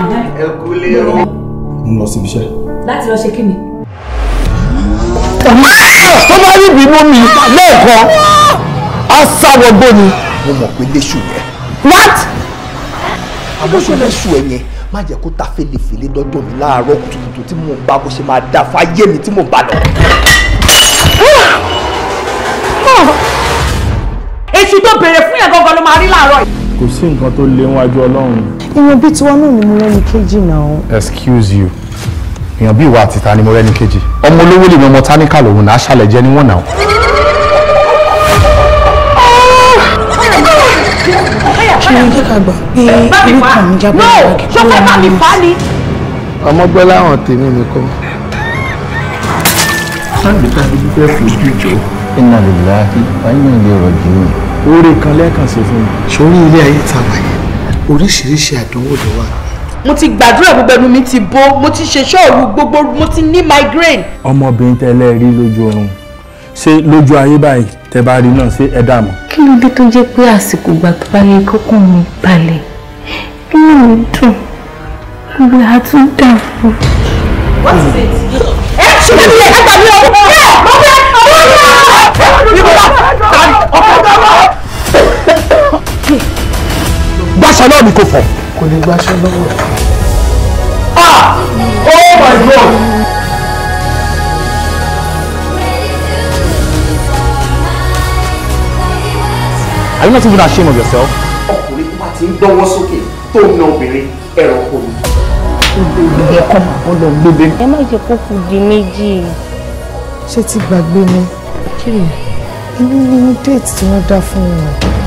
ẹ kú lé o. mo lọ síbi iṣẹ́. láti lọ ṣe kí ni. tó bá rí ìbínú mi lẹ́ẹ̀kan á sáwọ́gbó ni. mo mọ̀ pé léṣù yẹn. what. àbúṣe léṣù ẹ̀ yẹn má jẹ́ kó ta fèlèfèlè dọ́dọ̀ mi láàárọ̀ kùtùkùtù tí mò ń bá bó ṣe máa dá fáyé mi tí mò ń bá lọ. Ah! Ah! èsì tó béèrè fún yẹn gangan ló máa rí láàárọ̀ yìí kò sí nǹkan tó lé wájú ọlọ́run. èèyàn bíi tiwọn náà ni mo rẹ́ni kejì náà. excuse you èèyàn bíi ìwà àti ta ni mo rẹ́ni kejì ọmọ olówó lè ní ọmọ táníkà lòun náà ṣàlẹ̀ jẹ́ níwọ̀n náà. ṣé láwọn tèmi nìkan. sáà nípa ibi fẹ́ fojú jọ. inna lillahi wa inna ilayhi raji'un oore kan lẹ́ẹ̀kan sí fún mi. sórí ilé ayé ta wáyé oríṣiríṣi àdánwò ló wà. mo ti gbàdúrà gbogbo ẹnu mi ti bó mo ti ṣe ṣọ́ọ̀rù gbogbo mo ti ní migraine. ọmọbìnrin tẹ́lẹ̀ rí lójú oorun ṣé lójú ayé báyìí tẹ́ bá rí náà ṣé ẹ dààmú. kí ló dé tó jẹ́ pé àsìkò ìgbà tó bá yẹ kókó mi balẹ̀ inú mi dùn ìwé àtúndà fún. what's it? ẹ ṣùgbọ́n mi lè ẹ gbà kan náà kò lè gbaṣẹ́ lọ́wọ́ ah oh my god. are you not even ashamed of yourself. ọkùnrin tó bá ti ń dánwọ́ sókè tó ń na obìnrin ẹ̀rọ kò ní. olùdíje máa bọ́ lọ gbébé. ẹ má jẹ́ kó kù di méjì. ṣé ti gbàgbé ni kí ni inú ní déètì tí wọ́n dá fún wọn.